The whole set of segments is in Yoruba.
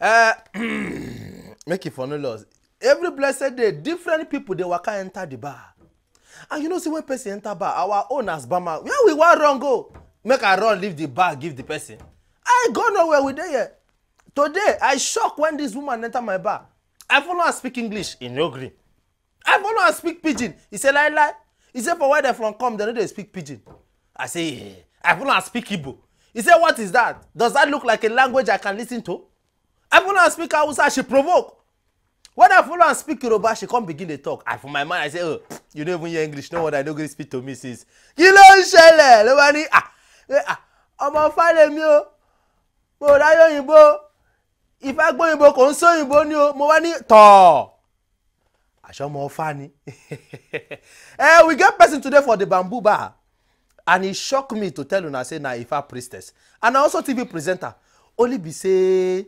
Eh, make you for no loss every blessed day different people dey waka enter the bar and you know say when person enter bar our own as barman where we wan run go make i run leave the bar give the person i go nowhere we dey here today i shock when this woman enter my bar i follow her speak english e no gree i follow her speak pidgin e say lie lie he say for where dem from come dem no dey speak pidgin i say yeah. i go and speak igbo he say what is that does that look like a language i can lis ten to i go and speak hausa she provoke when i follow am speak yoruba she come begin dey talk i for my mind i say oh you no even hear english no wonder i no gree speak to me since kí ló ń ló bá ní ah, eh, ah, ọmọ fálemi o mo ráyọ̀ òyìnbó ìfẹ́ gbóyìnbó kò ń sóyìnbó ni o mo wá ní tọ̀ọ̀. Ashomo Fani. uh, we get person today for the bamboo bar. And e shock me to tell una say na Ifa priestess. And also TV presenter. Only be say,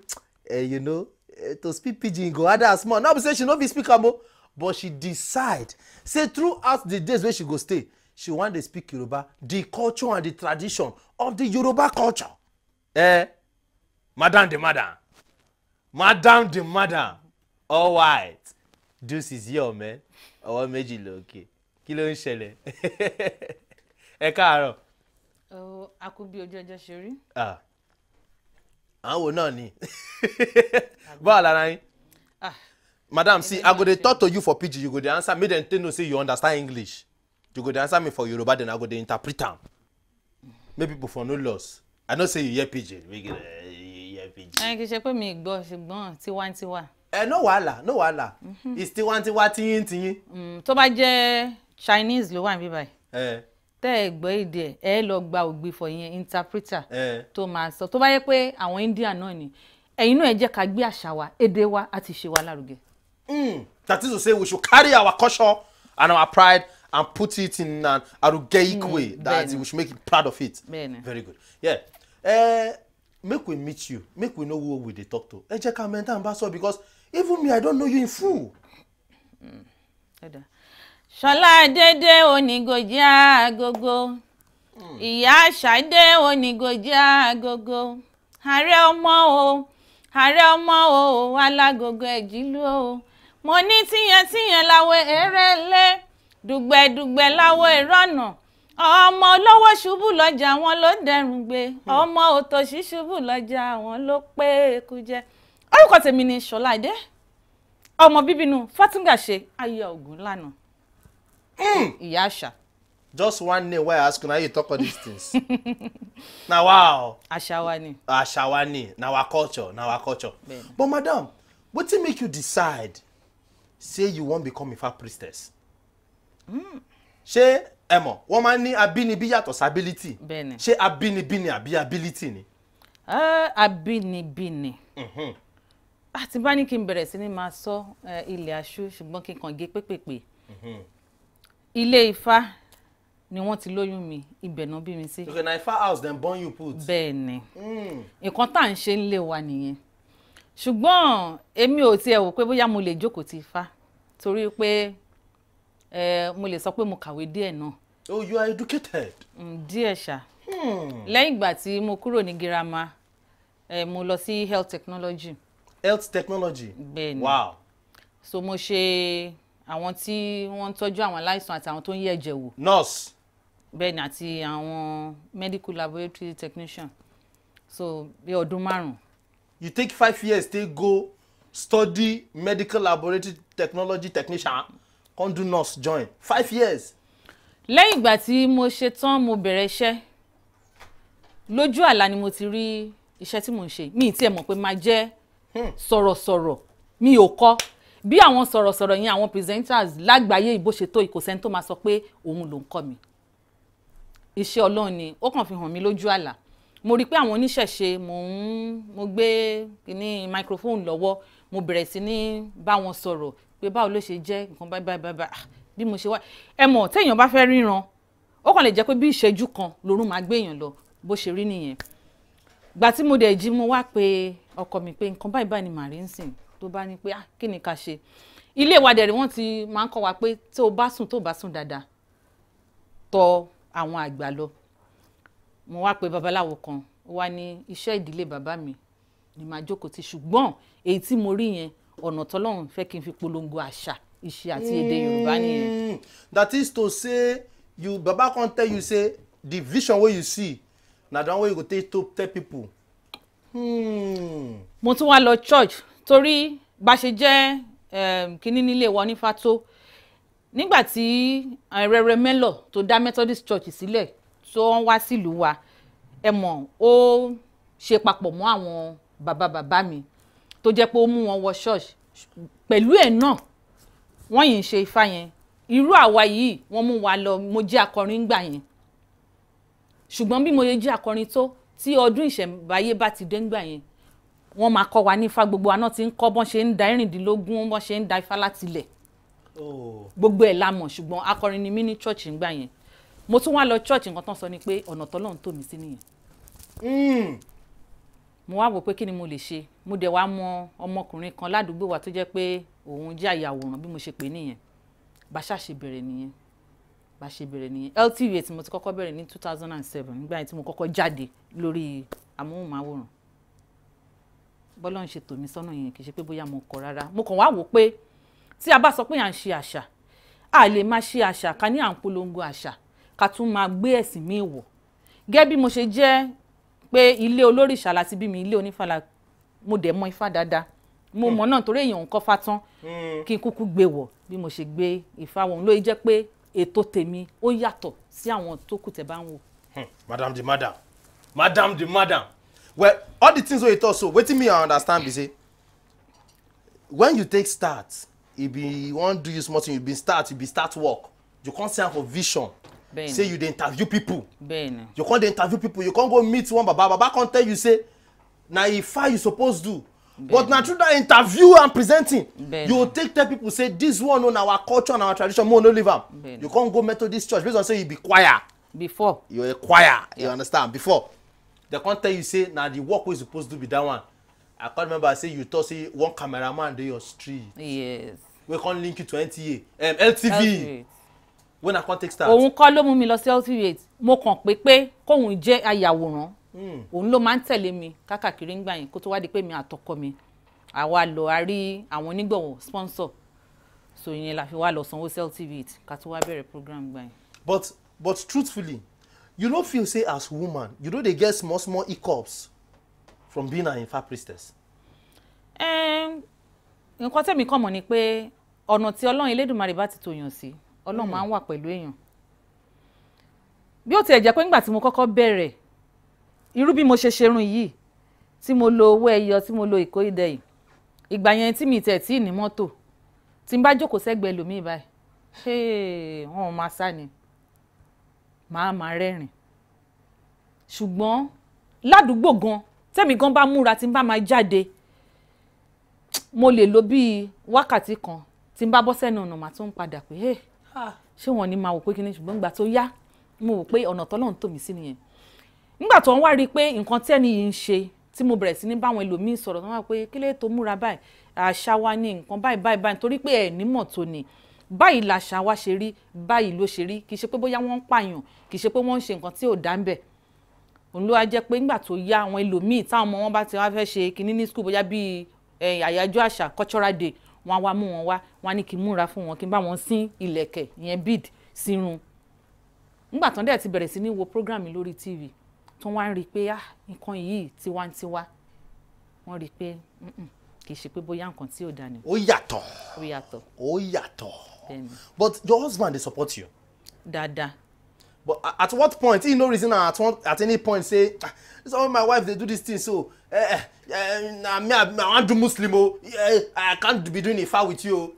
uh, you know, uh, to speak pidgin go other small. Now be say she no be speaker mo. But she decide. Say throughout the days where she go stay, she wan dey speak Yoruba. The culture and the tradition of the Yoruba culture. Eh, madam the madam. Madam the madam. All white juice is your man ọwọ́ méjì lókè kí ló ń ṣẹlẹ̀ ẹ káàárọ̀. a kú bí ojú ọjọ́ ṣe rí. àwọn wo náà ni báwo lára yín. madam see i go dey talk to you for pidgin you go dey answer make dem take know say you understand english you go dey answer me for yoruba then i go dey interpret am make people for no loss i know say you hear pidgin. ẹ kì í ṣe pé mi gbọ́ ṣùgbọ́n tiwantiwa ẹ eh, no wàhálà no wàhálà mhm. it's tiwantiwa tiyín tiyín. Mm, tó bá jẹ́ chinese ló wà níbí báyìí eh. tẹ́ ẹ gbọ́ èdè ẹ lọ gba ògbìfọ̀ yẹn interpreter eh. tó máa sọ tó bá yẹ pé àwọn india náà ni ẹ̀yin náà ẹ jẹ́ ká gbé àṣà wa èdè wa àti ìṣe wa lárugẹ. Hmm, that is to say we should carry our culture and our pride and put it in an arugaic mm, way that is we should make it proud of it. Bene. very good yeah. Uh, make we meet you make we know who we dey talk to ẹ jẹ́ ká mẹ́ta n bá sọ because even me i don't know you in full. ṣọlá dédé onígojì agogo ìyá ṣàdé onígojì agogo ààrẹ ọmọ o ààrẹ ọmọ o alágogo ẹ̀jìlú o mo ní tíyẹntíyẹn láwọ eré lé dùgbẹ̀dùgbẹ̀ láwọ ìrọ̀nà ọmọ olówó ṣubú lọ́jà wọn ló dẹrùn gbé hmm. ọmọ òtòṣì ṣubú lọ́jà wọn ló pé eku jẹ orúkọ tèmi ni Ṣọláìdé ọmọ bíbínú Fátúngàṣe aya Ògúnlànà hmm. ìyá àṣà. just one name why i ask una how you talk all these things na wow. àṣà wa ni. àṣà wa na our culture na our culture. Ben. but madam wetin make you decide say you wan become Ifa priestess. Hmm. ṣé ẹ mọ̀ wọ́n máa ń ní abínibí yàtọ̀ sí ability ṣé ni àbí ability ni. Uh, ni. Mm àti ah, bá ní kí n bẹ̀rẹ̀ sí ni máa sọ eh, ilé aṣú ṣùgbọ́n kí n kàn gé pépèpè mm-hmm. ilé ifá ni wọ́n ti lóyún mi ibẹ̀ náà bí mi sí. okay na ifá house dem born you put. bẹ́ẹ̀ ni mm. nǹkan tá à ń ṣe ń lé wa nìyẹn ṣùgbọ́n èmi ò tiẹ̀ wò pé bóyá mo lè jókòó ti ifá torí pé eh, mo lè sọ pé mo kàwé díẹ̀ náà. oh you are educated. Mm, díẹ̀ ṣá hmm. lẹ́yìn ìgbà tí mo kúrò ní girama eh, mo lọ sí health technology health technology. bẹ́ẹ̀ni wow. so mo ṣe àwọn tí wọ́n ń tọ́jú àwọn aláìsàn àti àwọn tó ń yẹ̀ ẹ̀jẹ̀ wò. nurse. bẹ́ẹ̀ni àti àwọn medical laboratory technician so bí ọdún márùn. you take five years take go study medical laboratory technology technician come do nurse join five years. lẹ́yìn ìgbà tí mo ṣe tán mo bẹ̀rẹ̀ iṣẹ́ lójú àlá ni mo ti rí iṣẹ́ tí mò ń ṣe mi ì tiẹ̀ mọ̀ pé máa jẹ́ Hmm. sọ̀rọ̀sọ̀rọ̀ mi ò kọ́ bí àwọn sọ̀rọ̀sọ̀rọ̀ yẹn àwọn presenters lágbàáyé ìbò ṣètò ìkòsẹ́ni tó máa sọ pé òun ló ń kọ́ mi iṣẹ́ ọlọ́run ni ó kàn fi hàn mí lójú àlá mo rí i pé àwọn oníṣẹ̀ṣe mò ń mo gbé ní microphone lọ́wọ́ mo bẹ̀rẹ̀ sí ní bá wọn sọ̀rọ̀ pé báwo ló ṣe jẹ́ nǹkan báyìí báyìí báyìí bí mo ṣe wá ẹ mọ̀ téèyàn bá fẹ́ ríran ó kàn lè jẹ́ pé bí ìṣẹ́jú kan lòrùn máa gbé èèyàn lọ bó ṣe rí nìyẹn gbà tí mo dẹ̀ jí mo wá pé ọkọ mi pé nǹkan báyìí báyìí ni màrí ń sìn tó bá ní pé ah kí ni ká ṣe ilé ìwà dẹ̀rẹ̀ wọ́n ti máa ń kọ́ wa pé tó o bá sùn tó o bá sùn dáadáa tọ̀ àwọn àgbà lọ mo wá pe babaláwo kan ó wá ní iṣẹ́ ìdílé bàbá mi ni màá jókòó ti ṣùgbọ́n èyí tí mo rí yẹn ọ̀nà tọ́lọ́run fẹ́ kí n fi polongo àṣà ìṣe àti èdè Yorùbá nìyẹn. Mm. that is to say you baba kan tell you say the vision wey you see na the one wey you go take to tell people Hmm. mo tún wá lọ church torí bá ṣe jẹ́ ehm, kínní nílé wa onífá tó nígbà tí rẹrẹ mẹ́lọ̀ tó dá methodist church sílẹ̀ tó ń wá sílùú wa ẹ mọ̀ ó ṣe papọ̀ mọ́ àwọn bàbá bàbá mi tó jẹ́ pé ó mú wọn wọ church pẹ̀lú ẹ̀ náà wọ́n yìí ń ṣe ifá yẹn irú àwa yìí wọ́n mú wa lọ mo jẹ́ akọrin gbà yẹn ṣùgbọ́n bí mo yẹ jẹ́ akọrin tó tí ọdún ìṣẹ̀ǹbáyé bá ti dé ńgbà yẹn wọ́n máa kọ́ wa ní ifá gbogbo àná ti ń kọ́ bọ́n ṣe ń da ẹ̀rìndínlógún bọ́n ṣe ń da ifá láti ilẹ̀ oh. gbogbo ẹ̀ la mọ̀ ṣùgbọ́n akọrin ni mí ní chọ́ọ̀chì ńgbà yẹn mo tún wá lọ chọ́ọ̀chì nǹkan tán sọ ni pé ọ̀nà tọ́lọ́run tò mí sí nìyẹn hmm. mo wá wò pé kí ni mo lè ṣe mo dẹ̀ wá mọ ọmọkùnrin kan ládùúgbò wa tó jẹ́ pé òun jẹ́ àyàwòrán bí mo ṣe pè nìyẹn bàṣà ṣe bẹ̀rẹ̀ nìyẹn bá ṣe bẹ̀rẹ̀ nìyẹn LTV tí mo ti kọ́kọ́ bẹ̀rẹ̀ ní two thousand and seven nígbà yẹn tí mo kọ́kọ́ jáde lórí amóhùnmáwòrán bọ́lá ń ṣe tòmí sọ́nà yẹn kì í ṣe pé bóyá mo kọ̀ rárá mo kàn wá wò pé tí a bá sọ pé à ń ṣe àṣà a lè máa ṣe àṣà ká ní à ń polongo àṣà ká tún máa gbé ẹ̀sìn mi wọ̀ gẹ́gẹ́ bí mo ṣe jẹ́ pé ilé olórìṣà láti bí mi ilé onífàlà mo dẹ̀ mọ ifá dáadáa mo mọ̀ náà torí èèyàn ń kọ́ fá hmm. kí n kúkú gbé wọ̀ bí mo ṣe gbé ifá wọn ló jẹ́ pé ètò tèmi ó yàtọ̀ sí àwọn tó kù tẹ́ bá ń wò. Hmm, madam the madam madam the madam well all the things wey you talk so wetin me i understand be say when you take start e be wan do you small thing you be start you be start work you come see am for vision Bene. say you dey interview people Bene. you come dey interview people you come go meet one baba baba come tell you say na e far you suppose do but na through that interview and presenting Bene. you take tell people say this one on our culture and our tradition mo no leave am you come go methodist church based on say you be choir before you a choir yeah. you understand before they come tell you say na the work wey you suppose do be that one i come remember say you talk say one cameraman dey your street yes wey come link you to nta um, ltv. LTV when i come take start. òun kọ́ ló mú mi lọ sí ltv mo kàn pé pé kóun jẹ́ ayàwòrán Hmm. òun ló máa ń tẹ̀lé mi kákàkiri ńgbà yẹn kó tó wá di pé mi àtọkọ mi àwa lọ a rí àwọn onígbọ̀wọ̀ sponsor so ìyẹn la fi wá lọ sanwó celtivate ká tó wá bẹ̀rẹ̀ program gbà yẹn. but but truthfully you no feel say as woman you no dey get small small hiccups from being an infar priestess. nǹkan tẹ̀mí kàn mọ̀ ni pé ọ̀nà tí ọlọ́run elédùnmarè bá ti tòyàn sí ọlọ́run hmm. máa ń wà pẹ̀lú èèyàn bí ó tiẹ̀ jẹ́ pé nígbà tí mo kọ́kọ́ bẹ̀rẹ̀ irú bí mo ṣe ṣerun yìí tí mo lo owó ẹyọ tí mo lo ìkó idẹ yìí ìgbà yẹn tí mi tẹ̀ tí ì ní mọ́tò tí n bá jókòó sẹ́gbẹ̀ẹ́ lòmíì báyìí ṣé wọn ò máa sá ni màá máa rẹ́rìn ṣùgbọ́n ládùúgbò gan tẹ́mi gan bá múra tí n bá máa jáde mo lè lo bíi wákàtí kan tí n bá bọ́ sẹ́nu ọ̀nà màá tún padà pé ṣé wọn ni máa wò pé kí ni ṣùgbọ́n ìgbà tó yá mo wò pé ọ̀nà tọ́lọ́run tò mí sí nìyẹn nígbà tó ń wá rí i pé nǹkan tẹ́ni yìí ń ṣe tí mo bẹ̀rẹ̀ sí ní báwọn ẹlòmíín sọ̀rọ̀ tó ń wá pé kí lè tó múra báyìí àṣà wa ni nǹkan báyìí báyìí báyìí torí pé ẹ̀ nímọ̀ tó ni báyìí làṣà wa ṣe rí báyìí ló ṣe rí kì í ṣe pé bóyá wọ́n ń pààyàn kì í ṣe pé wọ́n ń ṣe nǹkan tí ò dá ń bẹ̀ òun ló wá jẹ́ pé nígbà tó yá àwọn ẹlòmíì táwọn ọmọ wọn bá ti wá fẹ́ ṣe kinní ní skul bóyá bíi àyájọ́ àṣà cultural day wọn á wá mú wọn wá tv tó wá ń rí i pé ah nǹkan yìí tiwantiwa wọ́n rí i pé kì í ṣe pé bóyá nǹkan tí ò dá ni. ó yàtọ̀ ó yàtọ̀ ó yàtọ̀ but your husband dey support you. Dada. but at what point he no reason at, one, at any point say this ah, one my wife dey do this thing so eh, eh, eh, na me i, I wan do muslim o eh, i can't be doing ifa with you o.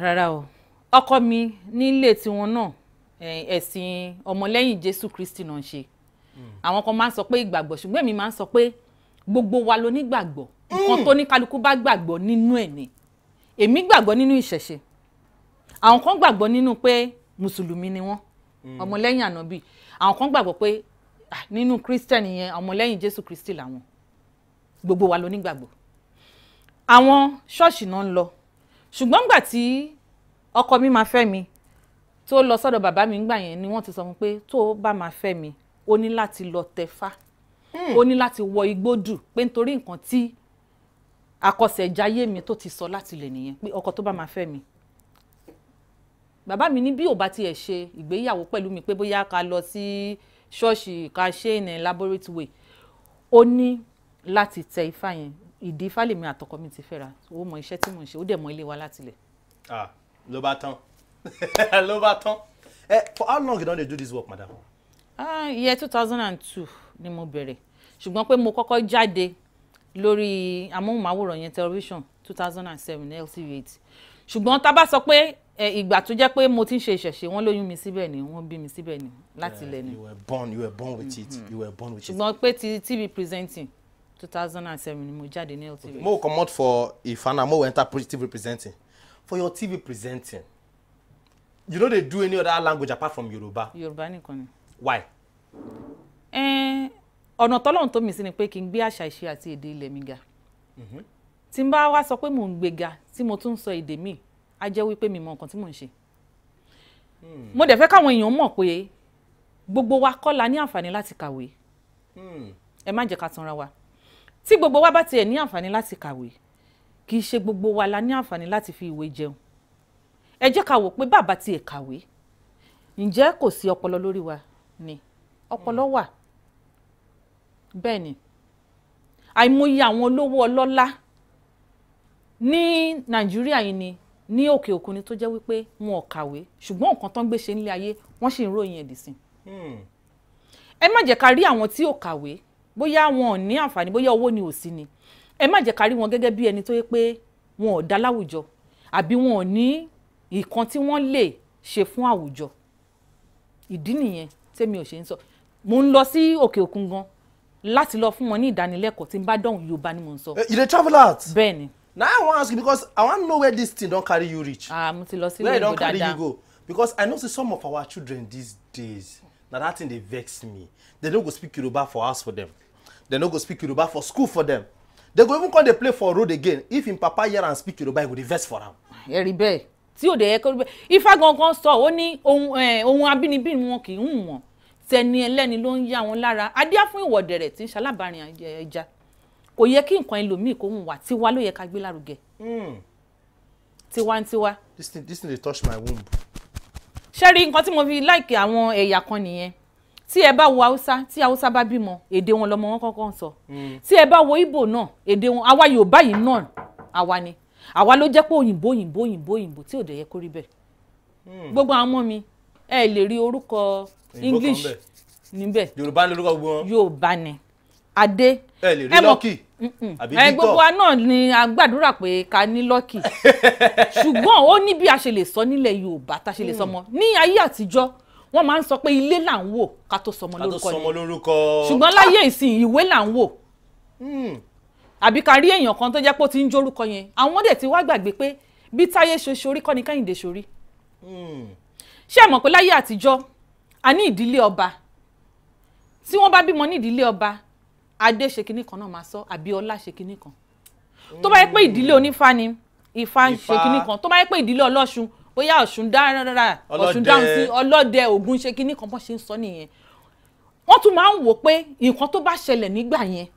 rárá o ọkọ mi nílé tiwọn náà eh, ẹ̀sìn ọmọlẹ́yìn jésù kristi náà ń ṣe àwọn kan máa ń sọ pé ìgbàgbọ́ ṣùgbọ́n èmi máa ń sọ pé gbogbo wa ló nígbàgbọ́ nǹkan tó ní kálukú bá gbàgbọ́ nínú ẹ̀ ni èmi gbàgbọ́ nínú ìṣẹ̀ṣe àwọn kan gbàgbọ́ nínú pé mùsùlùmí ni wọ́n hmm. ọmọlẹ́yìn ànábì àwọn kan gbàgbọ́ pé nínú christian yẹn ọmọlẹ́yìn jésù kristi làwọn gbogbo wa ló nígbàgbọ́ àwọn ṣọ́ọ̀ṣì náà ń lọ ṣùgbọ́n gbà tí ọkọ mi máa fẹ́ mi tó lọ sọ́dọ̀ bàbá mi ńgbà yẹn ni wọ́n ti sọ fún pé tó bá máa fẹ́ mi o ní láti lọ tẹ̀fá o hmm. ní láti wọ igbó dù pé nítorí nǹkan tí akọsẹ̀jáyé mi tó ti sọ láti lè nìyẹn pé ọkọ tó bá máa fẹ́ mi bàbá mi ní bí ò bá tiẹ̀ ṣe ìgbéyàwó pẹ̀lú mi pé bóyá ká lọ sí ṣọ́ọ̀ṣì ká ṣe ìnà elaborate way ó ní láti tẹ ifá yẹn ìdí ifá lèmi àtọkọ mi ti fẹ́ra ó mọ iṣẹ́ tí mò ń ṣe ó dẹ̀ mọ ilé wa láti lẹ̀. ah ló bá tán ló bá tán eh, for how long you don dey do this work madam iye ah, two thousand and two ni mo bẹ̀rẹ̀ ṣùgbọ́n pé mo kọ́kọ́ jáde lórí amóhùnmáwòrán yẹn television two thousand and seven LTV eight ṣùgbọ́n tá a bá sọ pé ìgbà tó jẹ́ pé mo ti ń ṣe ìṣẹ̀ṣe wọ́n lóyún mi síbẹ̀ ni wọ́n bí mi síbẹ̀ ni láti ilẹ̀ ni. you were born you were born with it you were born with it. ṣùgbọ́n pé ti TV presenting two thousand and seven ni mo jáde ní LTV. mo comot for Ifana mo enter TV presenting for your TV presenting you no dey do any other language apart from Yoruba. Yoruba nìkan ni why. Eh, ọ̀nà tọ́lọ́run tó mi sí ni pé kí n gbé àṣà ìṣe àti èdè ilẹ̀ mi ga mm-hmm. tí n bá wá sọ pé mò ń gbéga tí mo tún ń sọ èdè míì á jẹ́ wípé mi mọ nǹkan tí mò ń ṣe hmm. mo dẹ̀ fẹ́ káwọn èèyàn mọ̀ pé gbogbo wa kọ́ la ní àǹfààní láti kàwé hmm. ẹ má jẹ́ ká tanra wa tí gbogbo wa bá tiẹ̀ ní àǹfààní láti kàwé kì í ṣe gbogbo wa la ní àǹfààní láti fi ìwé jẹun ẹ jẹ́ ká wò pé bàbá tiẹ̀ kàwé ǹjẹ́ kò sí ọpọlọ lórí wa ni ọpọlọ wà bẹ́ẹ̀ ni àìmọye àwọn olówó ọlọ́lá ní nàìjíríà yìí ni ní òkè òkun ni tó jẹ́ wípé wọn ò kàwé ṣùgbọ́n nǹkan tó ń gbé ṣe nílé ayé wọ́n sì ń ròyìn ẹ̀dì sí hmm. ẹ má jẹ́ ká rí àwọn tí ò kàwé bóyá wọn ò ní àǹfààní bóyá owó ni ò sí ni ẹ má jẹ́ ká rí wọn gẹ́gẹ́ bí ẹni tó yẹ pé wọn ò dá láwùjọ àbí wọn ò ní nǹkan tí wọ́n lè ṣe fún àwùjọ ìdí nìyẹn tèmi ò ṣe ń sọ mo ń lọ sí òkè òkun gan láti lọ fún wọn ní ìdánilẹ́kọ̀ọ́ tí n bá dọ̀hún yorùbá ni mo ń sọ. Eh, you dey travel out. bẹ́ẹ̀ni. Now i wan ask you because i wan know where this thing don carry you reach. ah mo ti lọ sílé ìlú dáadáa where e don carry you go because i know say some of our children these days na that thing dey vex me they no go speak yoruba for house for them they no go speak yoruba for school for them they go even come dey play for road again if im papa hear am speak yoruba e go dey vex for am. ẹ̀rí bẹ́ẹ̀ tí ò dé ẹ̀kọ́ ifá gangan sọ ó ní ohun eh, abínibí wọn kì í hùn wọn tẹni ẹlẹ́ni ló ń yá wọn lára adíá fún ìwọ̀dẹ̀rẹ̀ tí ń ṣalábàárin ẹja kò yẹ kí nǹkan ẹlòmíì kó hùn tiwa ló yẹ ká gbé lárugẹ. Hmm. tiwantiwa. this thing this thing dey touch my womb. ṣé rí nǹkan tí mo fi láìkè àwọn ẹ̀yà kan nìyẹn tí ẹ bá wo haúsá tí haúsá bá bímọ èdè wọn lọmọ wọn kọ́kọ́ ń sọ hmm. tí ẹ bá wo ìbò náà èdè wọn àwa yorùbá yìí náà àwa ni àwa ló jẹ́ pé òyìnbó òyìnbó òyìnbó òyìnbó tí ò dẹ̀ yẹ kó rí bẹ́ẹ̀ hmm. gbogbo àwọn ọmọ mi ẹ lè rí orúkọ english níbẹ̀ yorùbá ni lórúkọ gbogbo wọn yorùbá ni adé ẹ lè rí lọ́kì àbí victor ẹ gbogbo wa náà ni a gbàdúrà pé ká ní lọ́kì ṣùgbọ́n ó ní bí a ṣe lè sọ nílẹ̀ yorùbá tá a ṣe lè sọ mm. mọ́ ní ayé àtijọ́ wọ́n máa ń sọ pé ilé là ń wò ká tó sọmọ lórúkọ ni ṣùgbọ́n láyé ah! ìsìn ìwé là ń wò hmm. àbí ká rí èèyàn kan tó jẹ́ pé ó ti ń jórúkọ yẹn àwọn ọmọdé ti wá gbàgbé pé bí táyé ṣe ṣorí kọ́ ni kẹ́hìndé hmm. ṣé ẹ mọ̀ pé láyé àtijọ́ a ní ìdílé ọba tí wọ́n bá bímọ ní ìdílé ọba adé ṣe kinní kan náà máa sọ àbí ọlá ṣe kinní kan tó bá yẹ pé ìdílé onífá ni ifá ń ṣe kinní kan tó bá yẹ pé ìdílé ọlọ́ṣun bóyá ọ̀ṣun dára ọ̀ṣun dáhùn sí ọlọ́dẹ ògún ṣe kinní kan bó ṣe ń sọ nìyẹn wọ́n tún máa ń wò pé nǹkan tó bá ṣẹlẹ̀ nígbà yẹn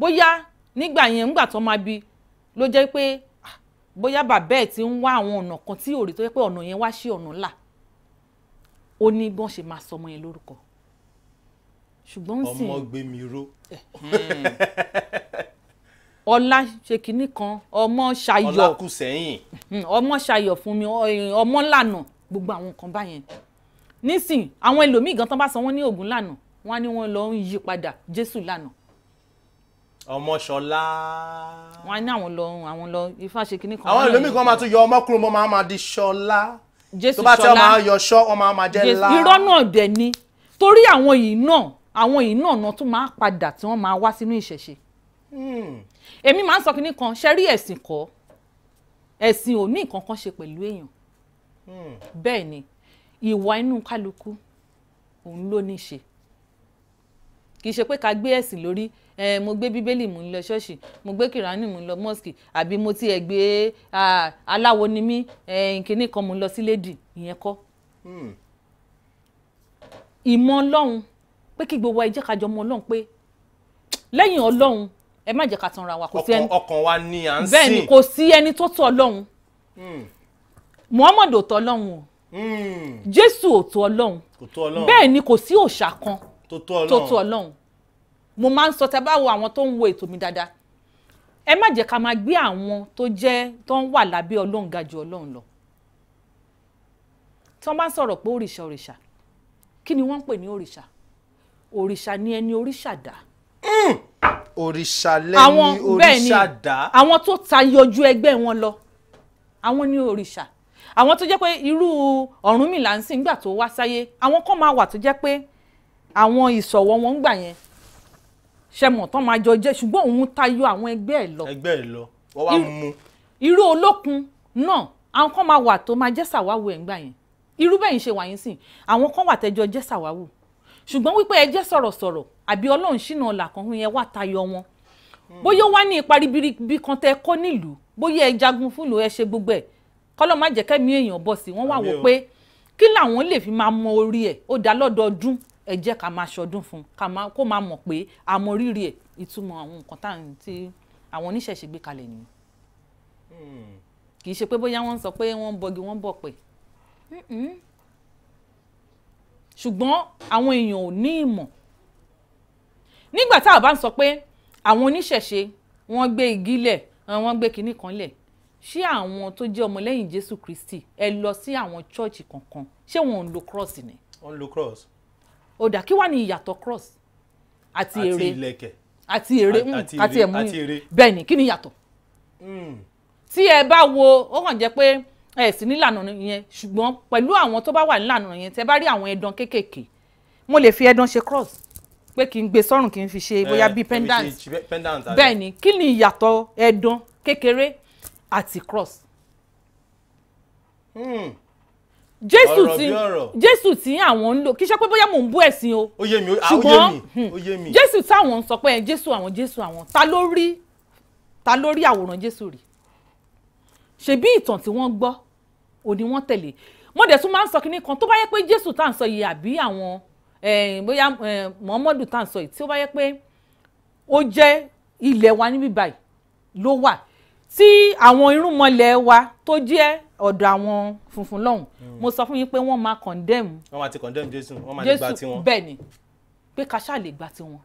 bóyá nígbà yẹn ńgbà tó máa bí ló jẹ́ pé ah, bóyá bàbá ẹ̀ ti ń wá àwọn ọ̀nà kan tí òòrè tó jẹ́ pé ọ̀nà yẹn wá sí ọ̀nà là ó ní bọ́n ṣe máa sọ ọmọ yẹn lórúkọ ṣùgbọ́n ń sìn ọmọ gbé mi ró hmm. ọlá ṣe kinní kan ọmọ ṣayọ̀ ọlá kù sẹ́yìn hmm, ọmọ ṣayọ̀ fún mi eh, ọmọ lànà gbogbo àwọn nǹkan báyẹn nísìn àwọn ẹlòmíì gan tán bá sọ wọn ní ògùn lànà wọn á ní wọn lọ ń yí padà jésù lànà ọmọṣọlá. wọn ní àwọn lọ àwọn lọ ifá ṣe kinní kan. àwọn ẹlòmíì kan máa tún yọ ọmọkùnrin mọ máa máa di ṣọlá jésù ṣọlá tó bá tí wọn máa yọ ṣọ wọn máa máa jẹ ńlá irọ́ náà dẹ̀ ni torí àwọn yìí náà àwọn yìí náà náà tún máa padà tí wọ́n máa wá sínú ìṣẹ̀ṣe hmm. èmi máa ń sọ kinní kan ṣe rí ẹ̀sìn kọ́ ẹ̀sìn ò ní nǹkan kan ṣe pẹ̀lú èèyàn hmm. bẹ́ẹ̀ ni ìwà inú kálukú òun ló ní ṣe kì í ṣe pé ká gbé ẹ̀sìn lórí mo gbé bíbélì mò ń lọ ṣọ́ọ̀ṣì mo gbé kìránì mò ń lọ mọ́ọ̀sì àbí mo tiẹ̀ gbé aláwo ni mí nkíní kan mò ń lọ sí lédì ìyẹn kọ́. Hmm. ìmọ̀ ọlọ́run pé kí gbogbo ẹjẹ́ kájọ mọ ọlọ́run pé lẹ́yìn ọlọ́run ẹ má jẹ́ ká tanra wa kò sí ẹni ọkàn wa ni à ń sìn bẹ́ẹ̀ ni kò sí ẹni tó tó ọlọ́run hmm. muhammadu ò tó ọlọ́run o hmm. jésù ò tó ọlọ́run bẹ́ẹ̀ ni kò sí òòṣà kan tó tó ọlọ́run mo máa ń sọ tẹ́ bá wo àwọn tó ń wo ètò mi dáadáa ẹ má jẹ́ ká máa gbé àwọn tó jẹ́ tó ń wà lábẹ́ ọlọ́run ga ju ọlọ́run lọ tí wọ́n bá ń sọ̀rọ̀ pé òrìṣà òrìṣà kí ni wọ́n ń pè ní òrìṣà òrìṣà ni ẹni hmm. òrìṣà dá. òrìṣà lẹ́ni òrìṣà dá. àwọn tó tayọjú ẹgbẹ́ wọn lọ àwọn ni òrìṣà àwọn tó jẹ́ pé irú Ọ̀rúnmìlà ń sìn gbà tó wá sáyé àwọn kan máa wà tó jẹ́ pé àwọn ìsọ̀wọ́ wọn ń gbà yẹn ṣe mọ̀ tán máa jọ jẹ́ ṣùgbọ́n òun tayọ àwọn ẹgbẹ́ ẹ̀ lọ. ẹgbẹ́ ẹ̀ lọ wọ́n wá mú. irú olókun náà àwọn kan máa wà tó máa jẹ́ sàwáwò ẹ̀ ń gbà yẹn irú bẹ́yìn ṣe wà yín sìn àwọn kan wà tẹ́jọ jẹ́ sàwáwò ṣùgbọ́n wípé ẹ jẹ́ sọ̀rọ̀sọ̀rọ̀ àbí ọlọ́run ṣìnà ọ̀là kan yẹn wà tayọ wọn bóyá wá ní ipa ribiribi kan tẹ kọ́ nílùú bóyá ẹ jagun fún ìlú ẹ ṣe gbogbo ẹ kọ́lọ́ má jẹ́ kẹ́mi èèyàn bọ̀ sí wọ́n wà wò pé kí làwọn lè fi máa mọ orí ẹ̀ ó dá lọ́dọọdún ẹ jẹ́ ká máa ṣọdún fún un kó máa mọ̀ pé a mọ rírì ẹ̀ ìtumọ̀ àwọn nǹkan tá tí àwọn oníṣẹ̀ṣe gbé kalẹ̀ nìyẹn hmm. kì í ṣe pé bóyá wọ́n ń sọ pé wọ́n ń bọgi wọ́n ń bọ̀ pẹ̀ ṣùgbọ́n àwọn èèyàn ò ní ìmọ̀ nígbà tá a bá ń sọ pé àwọn oníṣẹ̀ṣe wọ́n gbé igi lẹ̀ eh, wọ́n gbé kinní kan lẹ̀ ṣé àwọn tó jẹ́ ọmọlẹ́yìn jésù kristi ẹ lọ sí àwọn chọ́ọ̀chì kankan ṣé wọn ò lo cross ni. wọ́n lo cross ó dà kí wà ní ìyàtọ̀ cross àti èrè àti èrè àti mm, ẹ̀mú bẹ́ẹ̀ ni kí ni ìyàtọ̀ hmm. tí ẹ bá wo ó hàn jẹ́ pé ẹ sì nílànà yẹn ṣùgbọ́n pẹ̀lú àwọn tó bá wà nílànà yẹn tẹ bá rí àwọn ẹ̀dán kéékèèké mo lè fi ẹ̀dán ṣe cross pé kí n gbé sọ́rùn kí n fi ṣe eh, bóyá bíi pendant bẹ́ẹ̀ ni kí ni ìyàtọ̀ ẹ̀dán kékeré àti cross. Hmm jésù tí jésù tí àwọn ń lò kì í ṣe pé bóyá mò ń bú ẹ̀sìn o ṣùgbọ́n hmm, jésù táwọn ń sọ pé jésù àwọn jésù àwọn ta ló rí ta ló rí àwòrán jésù rí ṣebí ìtàn tí wọ́n gbọ́ ò ní wọ́n tẹ̀lé mo dẹ̀ tún máa ń sọ kinní kan tó bá yẹ pé jésù tá à ń sọ yìí àbí àwọn bóyá mọ́mọ́dù tá à ń sọ yìí tí ó bá yẹ pé ó jẹ́ ilẹ̀ wa níbí báyìí ló wà tí àwọn irúnmọlẹ̀ wa tó jẹ́ ọ̀dọ̀ àwọn funfun lọ́hùn hmm. mo sọ fún yín pé wọ́n máa condemn. wọ́n máa ti condemn jésù wọ́n máa ti gba tiwọn. bẹ́ẹ̀ ni pé kásá lè gba tiwọn.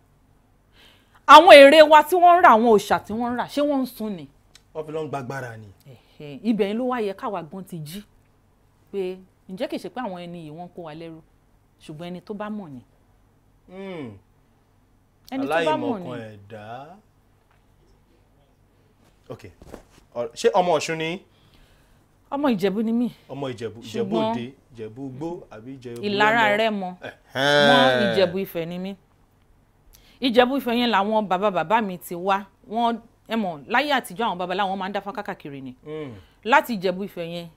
àwọn èrè wa tí wọ́n ń rà àwọn òòṣà tí wọ́n ń rà ṣé wọ́n ń sun ni. wọ́n fi lọ́n gbàgbára ni. ibẹ̀ yẹn ló wá yẹ káwa gan ti jí pé ǹjẹ́ kìí ṣe pé àwọn ẹni yìí wọ́n kó wa lẹ́rú ṣùgbọ́n ẹni tó bá mọ̀ ni. Hmm. ẹni tó bá mọ̀ ni. aláìmọ̀kan ẹ̀dá. ok ṣé ọmọ ọ̀ṣun ni ọmọ ìjẹ̀bú ni mí. ọmọ ìjẹ̀bú ìjẹ̀bú òde ìjẹ̀bú gbó àbí ìjẹ̀bú ọlọ. ìlara rẹ mọ mọ ìjẹ̀bú ifẹ̀ ni mí ìjẹ̀bú ifẹ̀ yẹn làwọn bàbá bàbá mi ti wá wọn ẹ mọ̀ láyé àtijọ́ àwọn babaláwo wọn máa ń dáfá kákàkiri ni hmm. láti ìjẹ̀bú ifẹ̀ yẹn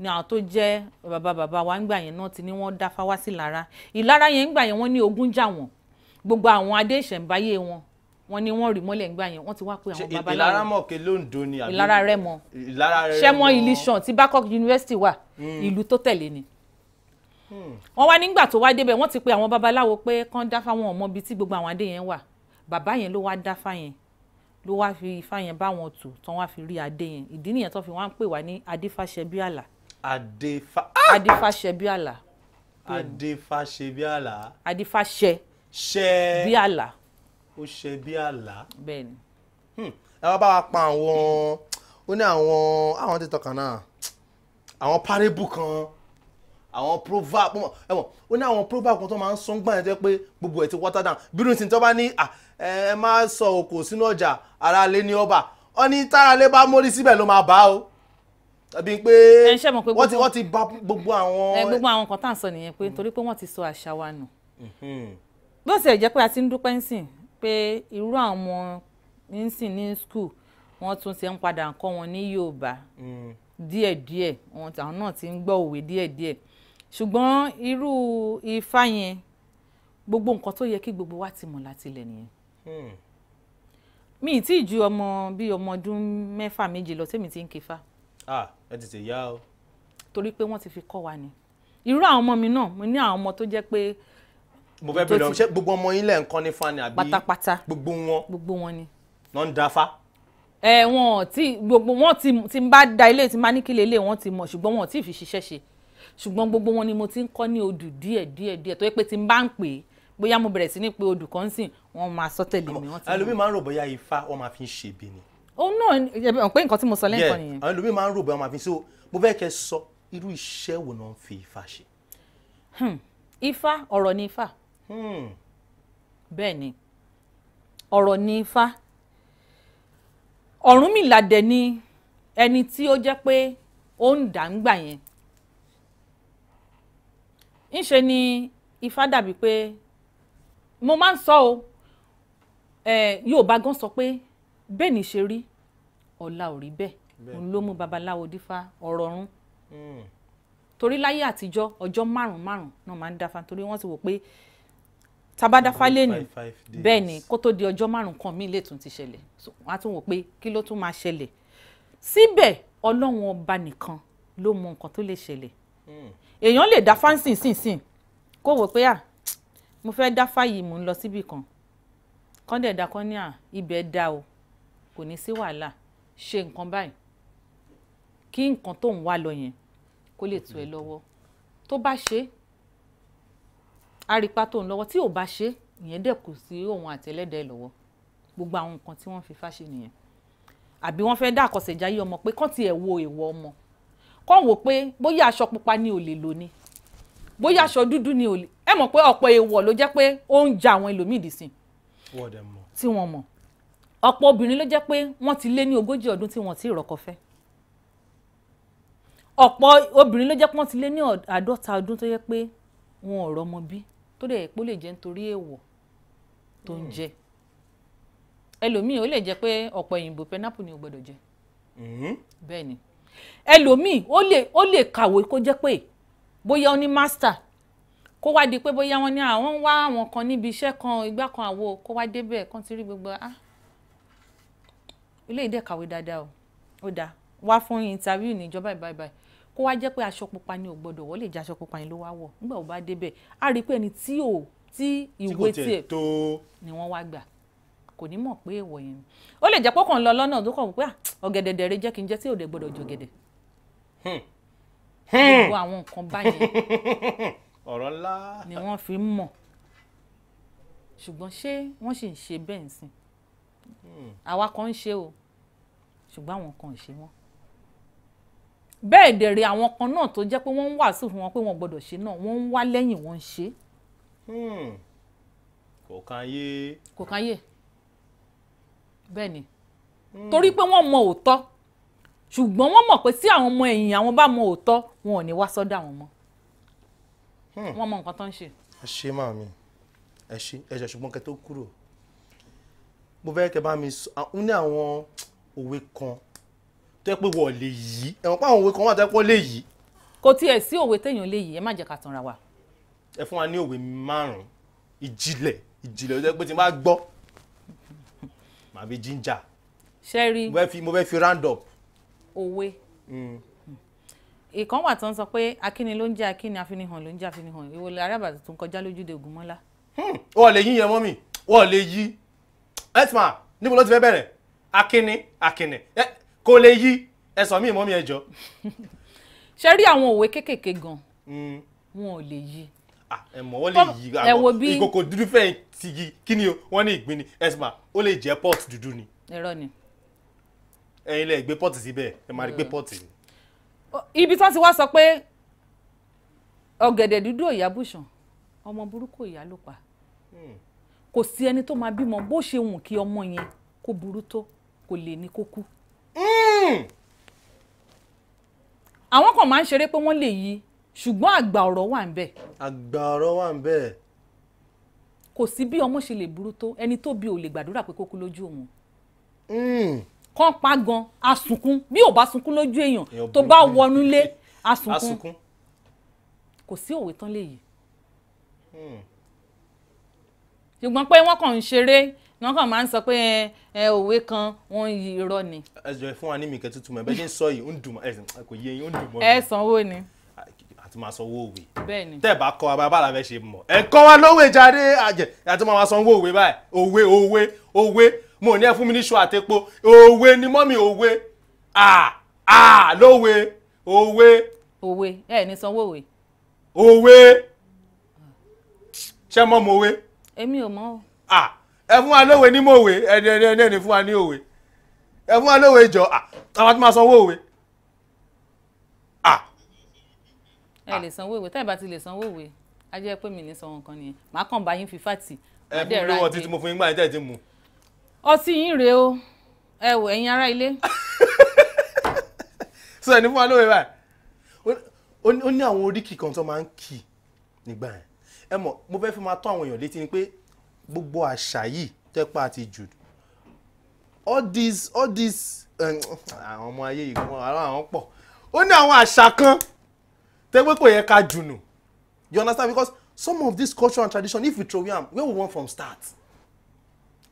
ni àwọn tó jẹ́ bàbá bàbá wa ńgbà yẹn náà ti ní wọ́n dáfá wá sí ìlara ìlara yẹn ńgbà yẹn wọ́n ní ogún jà wọ́n gbogbo àwọn adé ìṣẹ̀ǹbáyé wọn wọ́n ní wọ́n rì mọ́lẹ̀ ńgbà yẹn wọ́n ti wá pé àwọn babaláwo ìlara mọ̀kẹ́ lóńdó ni àbí ìlara rẹ mọ ìlara rẹ mọ sẹ́mọ́ ilé-iṣan tí University wa, hmm. ìlú tó tẹ̀lé ni hmm. wọ́n wá nígbà tó wá débẹ̀ wọ́n ti pe àwọn babaláwo pé kán dáfá wọn ọmọ bíi tí gbogbo àwọn adé yẹn wà bàbá yẹn ló wá dáfá yẹn ló wá fi ifá yẹn bá wọn tù tán wá fi rí adé yẹn ìdí nìyẹn tó fi wá ń pè wá ní adéfàṣẹbíàlà. adéfà adéfàṣẹbíàlà. adéfàṣẹbíàlà. adéfàṣẹ. bíàlà ó ṣe bí àlá. bẹ́ẹ̀ni. Hmm. ẹ wá bá wa pa àwọn ó ní àwọn àwọn tí tọkàn náà àwọn párébù kan àwọn proverb ẹ mọ ó ní àwọn proverb kan tó máa ń sọ ń gbà yẹn pé gbogbo ẹ ti water down bírú ti tó bá ní ẹ má sọ òkò sínú ọjà ara lé ní ọba ọ ní tára lé bá mórí síbẹ̀ ló máa bá o tàbí pé wọ́n ti wọ́n ti bà gbogbo àwọn. gbogbo àwọn kan tá à ń sọ nìyẹn pé nítorí hmm. pé wọ́n ti sọ àṣà wa nù. Hmm. bó ṣe jẹ́ pé a ti ń dúpẹ́ ń sìn pé irú àwọn nísìn ní school wọ́n tún ti ń padà kọ́ wọn ní Yorùbá mm. díẹ̀díẹ̀ àwọn náà ti ń gbọ́ òwe díẹ̀díẹ̀ ṣùgbọ́n irú ifá yẹn gbogbo nǹkan tó yẹ kí gbogbo wa ti mọ̀ láti ilẹ̀ nìyẹn hmm. mi ì tí ì ju ọmọ bíi ọmọ ọdún mẹ́fà méje lọ tẹ́mi ti ń kefá. ah ẹ tètè yá o. torí pé wọ́n ti fi kọ́ wa ni irú àwọn ọmọ mi náà mo ní àwọn ọmọ tó jẹ́ pé mo fẹ́ bẹ̀rẹ̀ ṣé gbogbo ọmọ yín lẹ̀ ń kọ́ ní fa àbí pátápátá gbogbo wọn gbogbo wọn ni. lọ ń dafa. ẹ wọn ti gbogbo wọn ti ti bá da ilé ti máa ní kílé ilé wọn ti mọ ṣùgbọ́n wọn ti fi ṣiṣẹ́ ṣe ṣùgbọ́n gbogbo wọn ni mo ti ń kọ́ ní odù díẹ̀ díẹ̀ díẹ̀ tó yẹ pé ti bá ń pè é bóyá mo bẹ̀rẹ̀ sí ní pé odù kan sìn wọn máa sọ tẹ̀lé mi. ẹlòmíì máa ń rò bóyá ifá wọn máa fi ń ṣe ibi ni. ó náà pé nǹkan tí mo sọ lẹ́ǹkan nìyẹn. ẹlòmíì máa ń rò bóyá wọn máa fi ń ṣe o mo fẹ́ kẹ́ sọ irú iṣẹ́ wo náà ń fi ifá ṣe. Hmm, ifá ọ̀rọ̀ ni ifá Hmm. bẹ́ẹ̀ ni ọ̀rọ̀ ni ifá Ọ̀rúnmìlà dẹ̀ ni ẹni tí ó jẹ́ pé ó ń dà ń gbà yẹn ńṣe ni ifá dàbí pé mo máa ń sọ o Yorùbá gan sọ pé bẹ́ẹ̀ ni ṣe rí ọ̀la ò rí bẹ́ẹ̀ òun ló mú babaláwo dífá ọ̀rọ̀ ọ̀run hmm. torí láyé àtijọ́ ọjọ́ márùn-ún márùn-ún náà máa ń dáfa torí wọ́n ti wò pé tabada falẹ́ni bẹ́ẹ̀ ni kó tó di ọjọ́ márùn-ún kan míì lè tún ti ṣẹlẹ̀ wọ́n á tún wò pé kí ló tún máa ṣẹlẹ̀ síbẹ̀ ọlọ́run ọba nìkan ló mọ nǹkan tó lè ṣẹlẹ̀ hmm. èèyàn lè dá fáǹsìn sìn sìn kó wò pé à mo fẹ́ dá fáyì mò ń lọ síbì kan kọ́ndẹ̀ dá ní à ibẹ̀ dá o kò ní sí wàhálà ṣe nǹkan báyìí kí nǹkan tó ń wá lọ yẹn kó lè tù ẹ́ lọ́wọ́ tó bá ṣe é àrípa tó ń lọ́wọ́ tí ò bá ṣe ìyẹn dẹ̀ kò sí òun àti ẹlẹ́dẹ̀ẹ́ lọ́wọ́ gbogbo àwọn nǹkan tí wọ́n fi fáṣe nìyẹn àbí wọ́n fẹ́ dá àkọsẹ̀jáyé ọmọ pé kán tiẹ̀ wo èèwọ̀ ọmọ kán wò pé bóyá aṣọ pupa ni ò lè lò ni bóyá aṣọ dúdú ni ò lè ẹ mọ̀ pé ọ̀pọ̀ èèwọ̀ ló jẹ́ pé ó ń ja àwọn ẹlòmíì dì sí tí wọ́n mọ̀ ọ̀pọ̀ obìnrin ló jẹ́ pé wọ́n ti lé ní ogójì ọdún tí wọ́n ti rọ́kọ fẹ́ ọ̀pọ̀ obìnrin ló jẹ́ pé wọ́n ti lé ní àádọ́ta ọdún tó jẹ́ pé wọn ò rọ́mọ bí tó dẹ̀ pé ó lè jẹ́ nítorí èèwọ̀ tó ń hmm. jẹ ẹlòmíì ó lè jẹ́ pé ọ̀pẹ òyìnbó pineapple ni ò gbọ́dọ̀ jẹ hmm. bẹ́ẹ̀ ni ẹlòmíì ó lè ó lè kàwé kó jẹ́ pé bóyá ó ní master kó wá di pé bóyá wọ́n ní àwọn ń wá àwọn kan níbi iṣẹ́ kan ìgbà kan àwo kó wá débẹ̀ kán ti rí gbogbo ah ilé ìdẹ́kàwé dáadáa o ó dáa wá fún interview ní ìjọba kó wá jẹ́ pé aṣọ pupa ni ò gbọ́dọ̀ wọ̀ lè jẹ́ aṣọ pupa yẹn ló wá wọ̀ nígbà ó bá débẹ̀ á rí i pé ẹni tí ò tí ìwé tiẹ̀ ni wọ́n wá gbà kò ní mọ̀ pé èèwọ̀ yẹn ó lè jẹ́ pé kàn lọ lọ́nà tó kàn wípé ah, ọ̀gẹ̀dẹ̀ dẹ̀rẹ̀ jẹ́ kí n jẹ́ tí ò gbọ́dọ̀ jọ̀gẹ̀dẹ̀ hmm. gbogbo hmm. àwọn nǹkan báyẹn ọ̀rọ̀ ńlá ni wọ́n fi ń mọ̀ ṣùgbọ́n ṣé wọ́n sì ń ṣe bẹ́ẹ̀ ń sìn hmm. àwa kan ń ṣe o ṣùgbọ́n àwọn kan ò ṣe wọ́n bẹ́ẹ̀ dẹ̀rẹ̀ àwọn kan náà tó jẹ́ pé wọ́n ń wàásù fún wọn pé wọ́n gbọ́dọ̀ ṣe náà wọ́n ń wá lẹ́yìn wọ́n ń ṣe. Hmm. kò kan yé. kò kan yé bẹ́ẹ̀ ni hmm. torí pé wọ́n mọ òótọ́ ṣùgbọ́n wọ́n mọ̀ pé tí àwọn ọmọ ẹ̀yìn àwọn bá mọ òótọ́ wọn ò ní wá sọ́dọ̀ àwọn mọ́ hmm. wọ́n mọ nǹkan tó ń ṣe. ẹ ṣe máa mi ẹ ṣe ẹ ṣe ṣùgbọ́n kẹ́ tó kúrò mo fẹ́ kẹ́ bá mi sọ ní àwọn òwe kan tó yẹ pé wọ́n lè yí ẹ̀wọ̀n pé àwọn òwe kan wà tó yẹ pé wọ́n lè yí. kò tiẹ̀ sí òwe téèyàn lè yí ẹ má jẹ́ ká tanra wa. ẹ fún wa ní òwe márùn-ún ìjìnlẹ̀ ìjìnlẹ̀ tó yẹ pé tí n bá gbọ́ màá bí jíńjà. sẹ́rí mo fẹ́ fi round up. òwe mm. ìkan wà sọ pé akíni ló ń jẹ́ akíni àfinihàn ló ń jẹ́ àfinihàn ìwọ lè arábàtà tó ń kọjá lójúde ògúnmọ́lá. Hmm. wọ́n lè yí yẹn wọ́n lè yí ẹ̀sìmá níbo ló ti fẹ́ bẹ̀rẹ̀ akíni akíni kó lè yí ẹ̀sán mi ìmọ̀ mi ẹ̀jọ́. ṣe rí àwọn òwe kéékèèké gan mm. wọn ò lè yí. Ah, ẹ mọ̀ wọ́n lè yí àwọn ìkòkò dúdú fẹ́ẹ̀ ti yí kí ni wọ́n ní ìgbín ni ẹ̀sìnmà ó lè jẹ́ pot dúdú ni. ẹ̀rọ ni. ẹ̀yin lẹ gbé pot síbẹ̀ ẹ máa rí gbé mm. pot ni. ibi tí ti wá sọ pé ọ̀gẹ̀dẹ̀ dúdú òyà bùsàn ọmọ burúkú ìyá ló pa mm. kò sí ẹni tó máa bímọ bó ṣe wù kí ọmọ yẹn kó burú tó kò lè ní kó kú. Hmm. àwọn kan máa ń ṣeré pé wọ́n lè yí ṣùgbọ́n àgbà ọ̀rọ̀ wà ń bẹ̀. àgbà ọ̀rọ̀ wà ń bẹ̀. kò sí bí ọmọ ṣe lè burú tó ẹni tó bí ò lè gbàdúrà pé kó kú lójú òun. Hmm. kàn pa gan asunkun bí ò bá sunkún lójú èèyàn tó bá wọnú ilé asunkun kò sí òwe tán lè yí. Hmm ṣùgbọ́n pé wọ́n kàn ń ṣeré wọ́n kàn máa ń sọ pé ẹ òwe kan wọ́n yí irọ́ ni. ẹ jọ fún wa ní mi kẹtùtù mọ ẹ bẹ ṣe ń sọ yìí ń dùn mọ ẹ kò yé yín ń dùn mọ. ẹ sanwó ni. àti máa sanwó òwe. bẹ́ẹ̀ni tẹ bá kọ́ abá bàlá fẹ ṣe mọ ẹ kọ́ wa lówó ìjáde àjẹ àti máa sanwó òwe báyìí òwe òwe òwe mo ní ẹ fún mi ní ṣọ àtẹpọ òwe ni mọ́mì òwe à à lówe òwe. òwe ẹ ní sanwó òwe. òwe ṣé mọ́ mo òwe èmi ò mọ̀ o. ẹ fún wa lówe ní mòwe ẹni ẹni ẹni ẹni fún wa ní òwe ẹ fún wa lówe jọ àwọn tó máa sanwó òwe. ẹ lè sanwó òwe táyìbá ti lè sanwó òwe a jẹ́ pé mi ní sanwó nǹkan nìyẹn màá kàn bá yín fi fàtì. ẹ fún mi lówó ọtí tí mo fún yín gbà yín tẹ̀ tí mu. ọtí yín rèé o ẹ wò ẹ̀yin ará ilé. sọ ẹni fún wa lówe báyìí ó ní àwọn oríkì kan tó máa ń kì nígbà yẹn ẹ mọ̀ mo fẹ́ fi máa tọ́ àwọn èèyàn létí ni pé gbogbo àṣà yìí tẹ́pá àti jù all this all this àwọn ọmọ ayé yìí wọn àwọn pọ̀ ó ní àwọn àṣà kan tẹ́gbẹ́ kò yẹ ká jùnù you understand because some of this culture and tradition if we throw am where we want from start.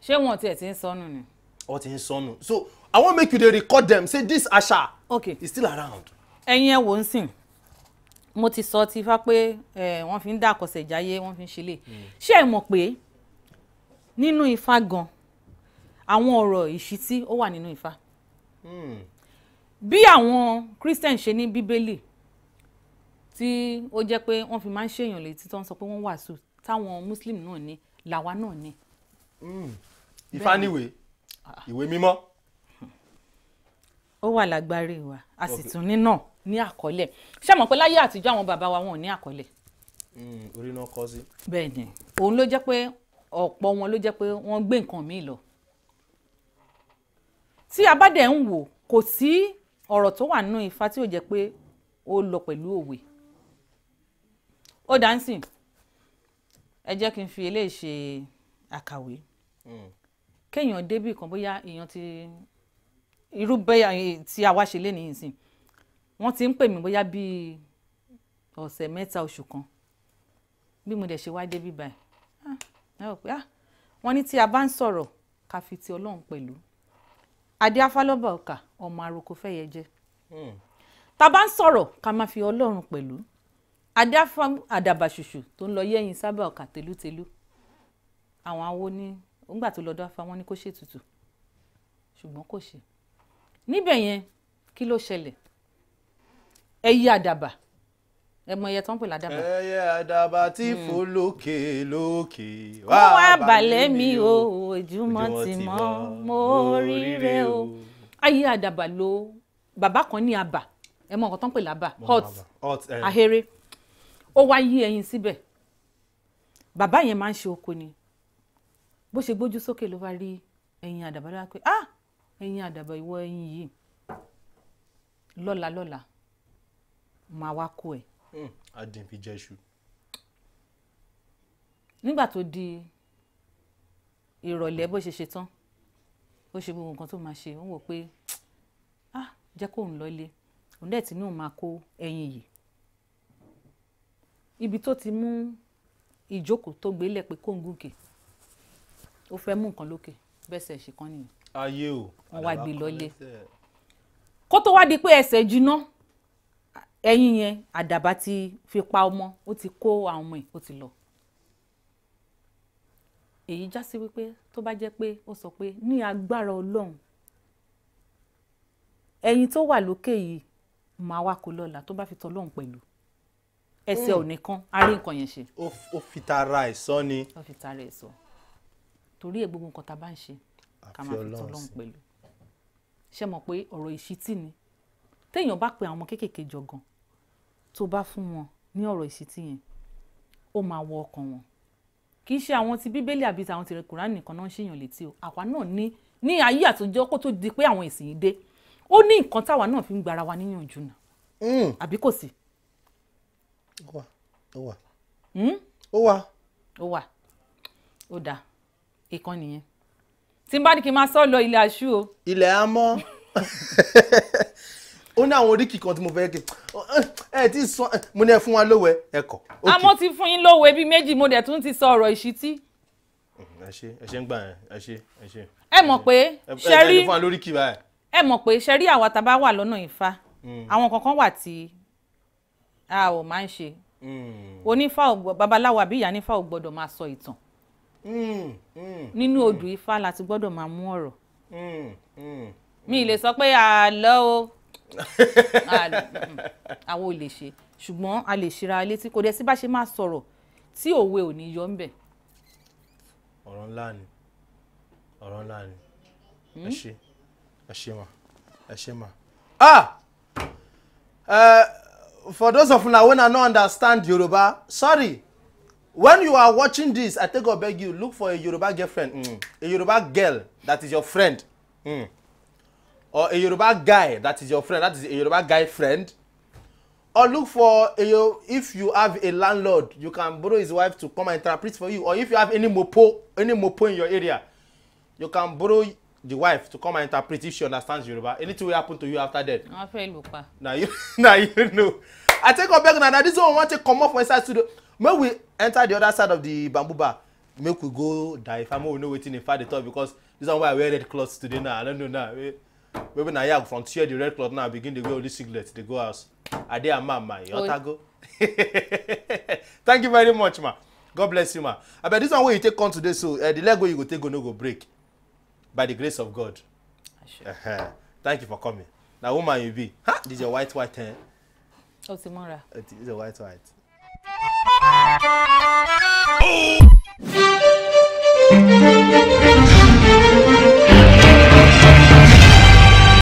ṣé wọn tiẹ̀ ti ń sọnù ni. ọ ti ń sọnù so i wan make you dey record them say this àṣà okay. is still around. ẹ̀yin ẹ wò ń sìn mo ti sọ ti fá pé wọ́n fi ń dá àkọsẹ̀ ìjáyé wọ́n fi ń ṣẹlẹ̀ mm. ṣé ẹ mọ̀ pé nínú ifá gan àwọn ọ̀rọ̀ ìṣítí ó wà nínú ifá mm. bí àwọn christian ṣe ní bíbélì tí ó jẹ́ pé wọ́n fi máa ń ṣèyàn létí tó ń sọ pé wọ́n wàásù táwọn muslim náà ní làwa náà ní. Mm. ifá níwèé ah. ìwé mímọ́. ó wà lágbárí wa a sì tún ní náà ní àkọlẹ̀ ṣé mọ̀ pé láyé àtijọ́ àwọn bàbá wa wọn ò ní àkọlẹ̀. Hmm, orí náà kọ sí. bẹ́ẹ̀ ni òun ló jẹ́ pé ọ̀pọ̀ wọn ló jẹ́ pé wọ́n gbé nǹkan míì lọ. tí a bá dẹ̀ ń wò kò sí ọ̀rọ̀ tó wà nínú Ifá tí ò jẹ́ pé ó lọ pẹ̀lú òwe. ó dáńsìn ẹ jẹ́ kí n fi eléyìí ṣe àkàwé. Hmm. kéèyàn débì kan bóyá èèyàn ti irú bẹ́ẹ̀ eh, tí a wá ṣe lé nìyí sìn wọ́n ti ń pè mí bóyá bíi ọ̀sẹ̀ mẹ́ta oṣù kan bí mo dẹ̀ ṣe wá débi báyìí ah, ah, wọ́n ní tí a bá ń sọ̀rọ̀ ká fi ti ọlọ́run pẹ̀lú adé afálọ́bà ọkà ọmọ àròkọ fẹ́yẹ jẹ́ hmm. tá a bá ń sọ̀rọ̀ ká má fi ọlọ́run pẹ̀lú adé àdàbà ṣùṣù tó ń lọ yẹ́yìn sábà ọkà tẹ́lútẹ́lú àwọn awo ní nígbà tó lọ́dọ̀ afá wọn ní kó ṣètùtù ṣùgbọ́n kò ṣe níbẹ̀ yẹn kí ló ṣẹlẹ̀ ẹyẹ àdàbà ẹ mọ iye tó ń pè ládàbà. ẹyẹ àdàbà tí hmm. fò lókè lókè. ó wá balẹ̀ mi o ojúmọ́ ti mọ́ mo ríre o. ayé àdàbà ló bàbá kan ní àbà ẹ mọ tó ń pè lábà hot eh. ahéré ó wá yí ẹyin síbẹ̀ bàbá yẹn máa ń ṣe oko ni bó ṣe gbójú sókè ló wá rí ẹyin àdàbà ló pé ah ẹyin àdàbà ìwọ ẹyin yìí lọ́la lọ́la máa wá kó ẹ. Hmm, adìn fi jẹ́ iṣu. nígbà tó di ìrọ̀lẹ́ bó ṣe ṣe tán ó ṣe gbogbo nǹkan tó máa ṣe ó wò pé ah jẹ́ kóun lọ́lé òun dẹ̀ tí ní òun máa kó ẹyin yìí ibi tó ti mú ìjókòó tó gbélé pé kóun gòkè ó fẹ́ mú nǹkan lókè bẹ́sẹ̀ ṣe nìyẹn. ayé o. wọ́n wá kó tó wá di pé ẹsẹ̀ jiná ẹyin yẹn àdàbà ti fi pa ọmọ ó ti kó àwọn ọmọ ẹ̀ ó ti lọ èyí já sí wípé tó bá jẹ́ pé ó sọ pé ní agbára ọlọ́run ẹyin tó wà lókè yìí màá wá kó lọ́la tó bá fi tọ́ ọlọ́run pẹ̀lú ẹsẹ̀ hmm. ò nìkan a nǹkan yẹn ṣe. ó fi tara ẹ̀ sọ ni. ó fi tara ẹ̀ sọ torí ẹ̀ gbogbo nǹkan tá a bá ń ṣe ká máa fi tọ́ ọlọ́run pẹ̀lú ṣé mọ̀ pé ọ̀rọ̀ ìṣítí ni téèyàn bá pe àwọn ọmọ kéékèèké jọ gan-an tó bá fún wọn ní ọ̀rọ̀ ìṣítí yẹn ó máa wọ ọkàn wọn kì í ṣe àwọn ti bíbélì àbí tàwọn tìrẹ kùránì nìkan náà ń ṣèyàn létí o àwa náà ní ní ayé àtijọ́ kó tó di pé àwọn ìsìn yìí dé ó ní nǹkan táwa náà fi ń gbara wa níyànjú náà hmm. àbí kò sí. ó wà ó wà hmm? ó wà. ó wà ìkan nìyẹn tí n bá ní kí n máa sọ lọ ilé aṣú o. ilẹ̀ á ó ní àwọn oríkì kan tí mo fẹ́ kí ẹ ti sọ mo ní ẹ fún wa lówẹ ẹ kọ. àmọ́ ti fún yín lówẹ bíi méjì mo dẹ̀ tún ti sọ ọ̀rọ̀ ìṣítí. ẹ ṣe ẹ ṣe ń gbà ẹ ṣe ẹ ṣe. ẹ mọ̀ pé ṣẹ́rí ẹ mọ̀ pé ṣẹ́rí àwa tá a bá wà lọ́nà Ifá hmm. àwọn kankan wà tí a ò máa ń ṣe hmm. onífá babaláwo àbí ìyá nífá ò gbọ́dọ̀ máa sọ ìtàn hmm, nínú odù Ifá láti gbọ́dọ̀ máa mú ọ̀rọ̀ mi ì lè sọ pé àlọ́ o àwọn ò lè ṣe ṣùgbọ́n a lè ṣíra létí kò dẹ̀ sí bá ṣe máa sọ̀rọ̀ tí òwe ò ní yọ ńbẹ̀. ọ̀rọ̀ ńlá ni ọ̀rọ̀ ńlá ni ẹ hmm? ṣe ẹ ṣe mà ẹ ṣe mà. ah uh, for those of una wey na no understand Yoruba sorry when you are watching this i take God beg you look for a Yoruba girlfriend mm. a Yoruba girl that is your friend. Mm or a Yoruba guy that is your friend, that is a Yoruba guy friend. Or look for a, if you have a landlord, you can borrow his wife to come and interpret for you. Or if you have any mopo, any mopo in your area, you can borrow the wife to come and interpret if she understands Yoruba. Anything will happen to you after that. Wọ́n fẹ́ lù pa. Na you na you know. I take up back na na this one wan take comot for inside studio. Make we enter the other side of the bamboo bar. Make we go die farmer we know wetin Ifa the talk because this one why I wear red cloth today now. I no know now. Eh? maybe na yag frontier the red cloth now begin dey wear only singlet dey go house ade amama yotago thank you very much ma god bless you ma abeg this one wey you take come today so uh, the leg wey you go take go no go break by the grace of god uh -huh. thank you for coming na woman you be ha this your white white eh. Oh, ti eh, this your white white. Oh!